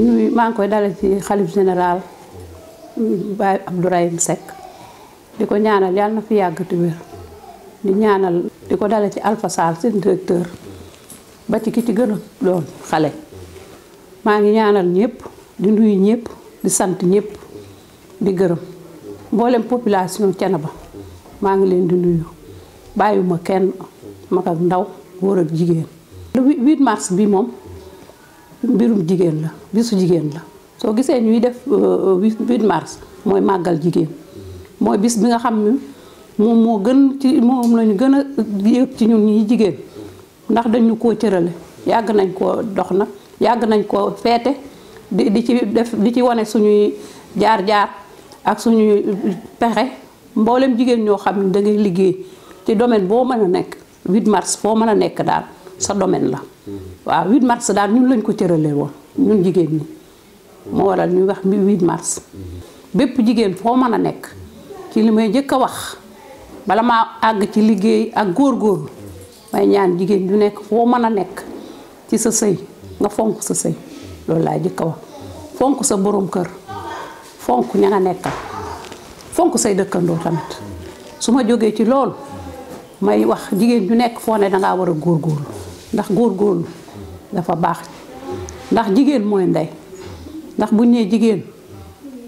nuyu maa ngi koy général Baye Abdourahim Seck di ko ñaanal yàlla na fi yàggati wér di ñaanal di ko dale ci Alpha seen directeur ba ci ki ci gën a xale maa ngi ñaanal ñëpp di nuyu ñëpp di sant ñëpp di gërëm mboolem population Thiénaba maa ngi leen di nuyu bàyyiwuma kenn mag ndaw góor jigéen le 8 mars bi moom mbirum jigéen la bisu jigéen la soo gisee ñuy def 8 euh, euh, mars mooy màggal jigéen mooy bis bi nga xam ne moom moo gën ci moom lañu gën a yëg ci ñu ñi jigéen ndax dañu koo cërale yàgg nañ ko dox nag yàgg nañ koo feete di di ci def di ci wane suñuy jaar-jaar ak suñuy pexe mboolem jigéen ñoo xam ne dangay liggéey ci domaine boo mën a nekk 8 mars foo mën a nekk daal sa domaine la. waaw 8 mars daal ñun lañ ko cëralee woon ñun jigéen ñi. moo waral ñuy wax 8 mars. bépp jigéen foo mën a nekk. ci li may njëkk a wax bala ma àgg ci liggéey ak góor góorgóorlu may ñaan jigéen ñu nekk foo mën a nekk ci sa sëy nga fonk sa sëy loolu laa njëkk a wax fonk sa borom kër fonk ña fonk say dëkkandoo tamit su ma jógee ci loolu may wax jigéen ñu nekk foo ne dangaa war a góor góorgóorlu ndax góor góorgóorlu dafa baax ndax jigéen mooy ndey ndax bu nee jigéen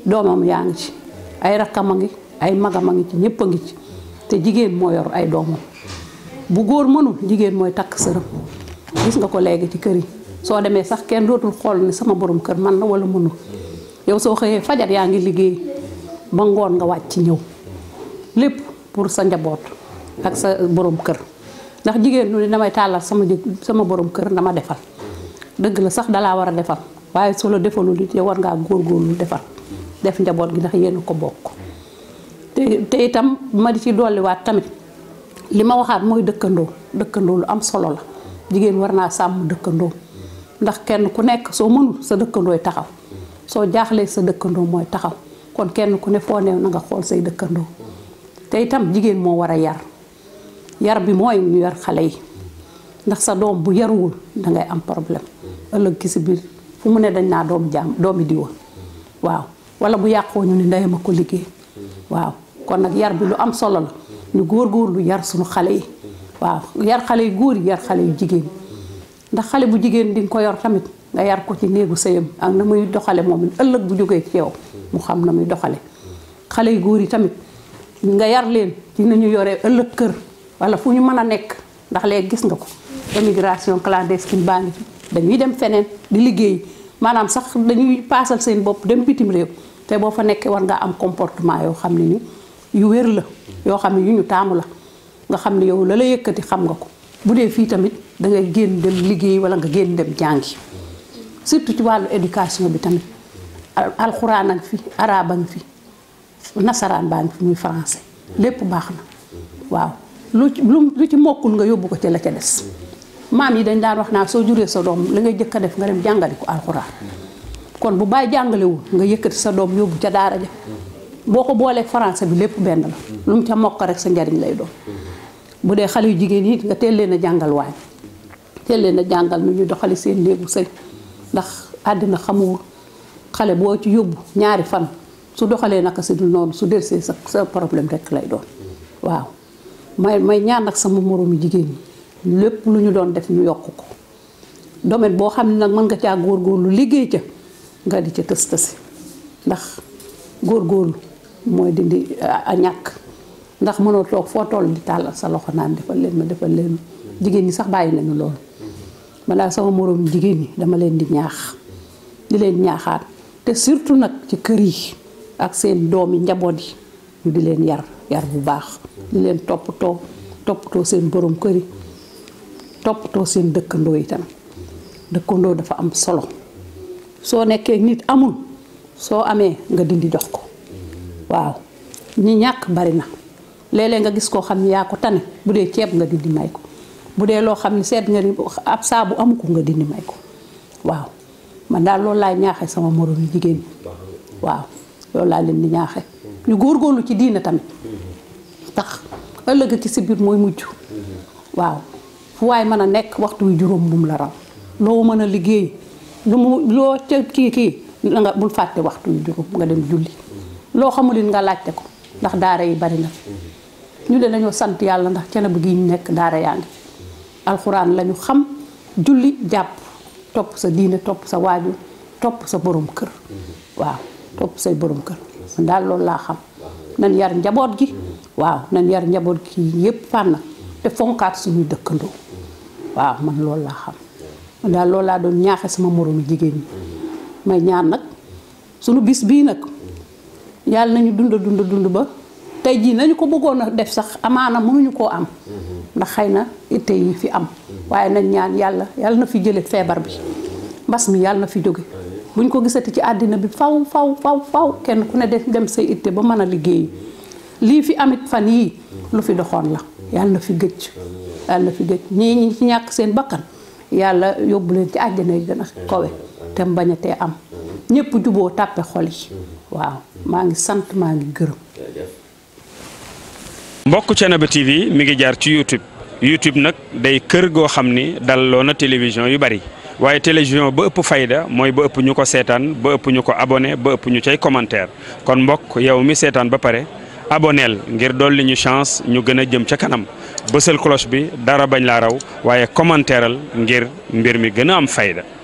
doomam yaa ngi ci ay rakkam a ngi ay magam a ngi ci ñëpp a ngi ci te jigéen moo yor ay doomam bu góor mënul jigéen mooy takk sëram gis nga ko léegi ci kër yi soo demee sax kenn dootul xool ni sama boroom kër man na wala mënul yow soo xëyee fajar yaa ngi liggéey ba ngoon nga wàcc ñëw lépp pour sa njaboot ak sa borom kër ndax jigéen ñu ne damay tàllal sama jëg sama borom kër dama defal dëgg la sax dalaa war a defal waaye solo la defalul it yow war ngaa góorgóorlu defal def njaboot gi ndax yéen ko bokk te te itam ma di ci dolliwaat tamit li ma waxaat mooy dëkkandoo dëkkandoo lu am solo la jigéen war naa sàmm dëkkandoo ndax kenn ku nekk soo mënul sa dëkkandooy taxaw soo jaaxlee sa dëkkandoo mooy taxaw kon kenn ku ne foo neew na nga xool say dëkkandoo te itam jigéen moo war a yar yar bi mooy ñu yar xale yi ndax sa doom bu yaruwul dangay am problème ëllëg ki si biir fu mu ne dañ naa doomu jaam doomi diwa waaw wala bu yàqoo ñu ne ko liggéey waaw kon nag yar bi lu am solo la ñu góorgóorlu yar suñu xale yi waaw yar xale yu góor yi yar xale yu jigéen ndax xale bu jigéen di ko yor tamit nga yar ko ci néegu sëyam ak na muy doxale moom ëllëg bu jógee ci mu xam na muy doxale xale yu góor yi tamit nga yar leen dina ñu yore ëllëg kër wala fu ñu mën a nekk ndax léegi gis nga ko émigration clandestine baa ngi fi dañuy dem feneen di liggéey maanaam sax dañuy paasal seen bopp dem bitim réew te boo fa nekkee war nga am comportement yoo xam ne ni yu wér la yoo xam ne yu ñu taamu la nga xam ne yow la la yëkkati xam nga ko bu dee fii tamit da ngay génn dem liggéey wala nga génn dem jàngi surtout ci wàllu éducation bi tamit alxuraan a fi araab a ngi fi nasaraan baa ngi fi muy français lépp baax na lu lu ci mokkul nga yóbbu ko ci la ca des maam yi dañ daan wax naa soo juree sa doom la ngay jëkk a def nga dem jàngali ko alxuraan kon bu bàyyi jàngalewul nga yëkkati sa doom yóbbu ca daara ja boo ko boolee français bi lépp benn la lu mu ca mokk rek sa njariñ lay doon bu dee xale yu jigéen yi nga teel leen a jàngal waañ teel leen a jàngal nu ñu doxali seen néegu sëy ndax àddina xamuwul xale boo ci yóbbu ñaari fan su doxalee naka si dul noonu su desee sa sa problème rek lay doon waaw may may ñaan ak sama moroomi jigéen ñi lépp lu ñu doon def ñu yokk ko domaine boo xam ne mën nga caa lu liggéey ca nga di ca tës tësi ndax góorgóorlu mooy dindi a ñàkk ndax mënoo toog foo toll di tàllal sa loxo naan defal leen ma defal leen jigéen ñi sax bàyyi nañu loolu balaa sama moroomi jigéen ñi dama leen di ñaax di leen ñaaxaat te surtout nag ci kër yi ak seen doom yi njaboot yi ñu di leen yar yar bu baax di leen toppatoo toppatoo seen borom kër yi toppatoo seen dëkkandoo yi tamit dëkkandoo dafa am solo soo nekkee nit amul soo amee nga dindi jox ko waaw ñi ñàkk bari na léeg nga gis koo xam ne yaa ko tane bu dee ceeb nga dindi may ko bu dee loo xam ne seet nga ni ab saabu amu ko nga dindi may ko waaw man daal lool laay ñaaxee sama moromu jigéen ñi waaw loolu laa leen di ñaaxee. ñu góor góorlu ci diine tamit tax mm-hmm. ëllëg ki si biir mooy mujj mm-hmm. waaw fu waaye mën a nekk waxtu wi juróom bu mu la raw loo mën a liggéey lu mu loo ca kii kii la nga bul fàtte waxtu wi juróom nga dem julli mm-hmm. loo xamul it nga laajte ko ndax daara yi bari na ñu de dañoo sant yàlla ndax cene bu gi nekk daara yaa ngi alxuraan lañu xam julli jàpp topp sa diine topp sa waajur topp sa boroom kër waaw topp say boroom kër man daal lool laa xam nan yar njaboot gi waaw nan yar njaboot gi yëpp fànn te fonkaat suñu dëkkandoo waaw man loolu laa xam man daal lool laa doon ñaaxe sama moroomu jigéen ñi may ñaan nag suñu bis bii nag yàlla nañu dund dund dund ba tey jii nañu ko bëggoon a def sax amaana mënuñu koo am ndax xëy na itte yi fi am waaye nañ ñaan yàlla yàlla na fi jële feebar bi mbas mi yàlla na fi jóge buñ ko gisati ci àddina bi faw faw faw kenn ku ne def dem sa itte ba mën a liggéey lii fi amit fan yii lu fi doxoon la yàlla na fi gëcc yàlla na fi gëcc ñii ñi ci ñàkk seen bakkan yàlla yóbbu leen ci àjjana yi gën a kowe te mu am ñépp juboo tàppe xol yi waaw maa ngi sant maa ngi gërëm. mbokk Thiénaba TV mi ngi jaar ci YouTube YouTube nag day kër goo xam ni dalloo na télévision yu bari. waaye télévision ba ëpp fayda mooy ba ëpp ñu ko seetaan ba ëpp ñu ko abonné ba ëpp ñu cay commentaire kon mbokk yow mi seetaan ba pare aboneel ngir dolli ñu chance ñu gën a jëm ca kanam bësal cloche bi dara bañ la raw waaye commentaireal ngir mbir mi gën a am fayda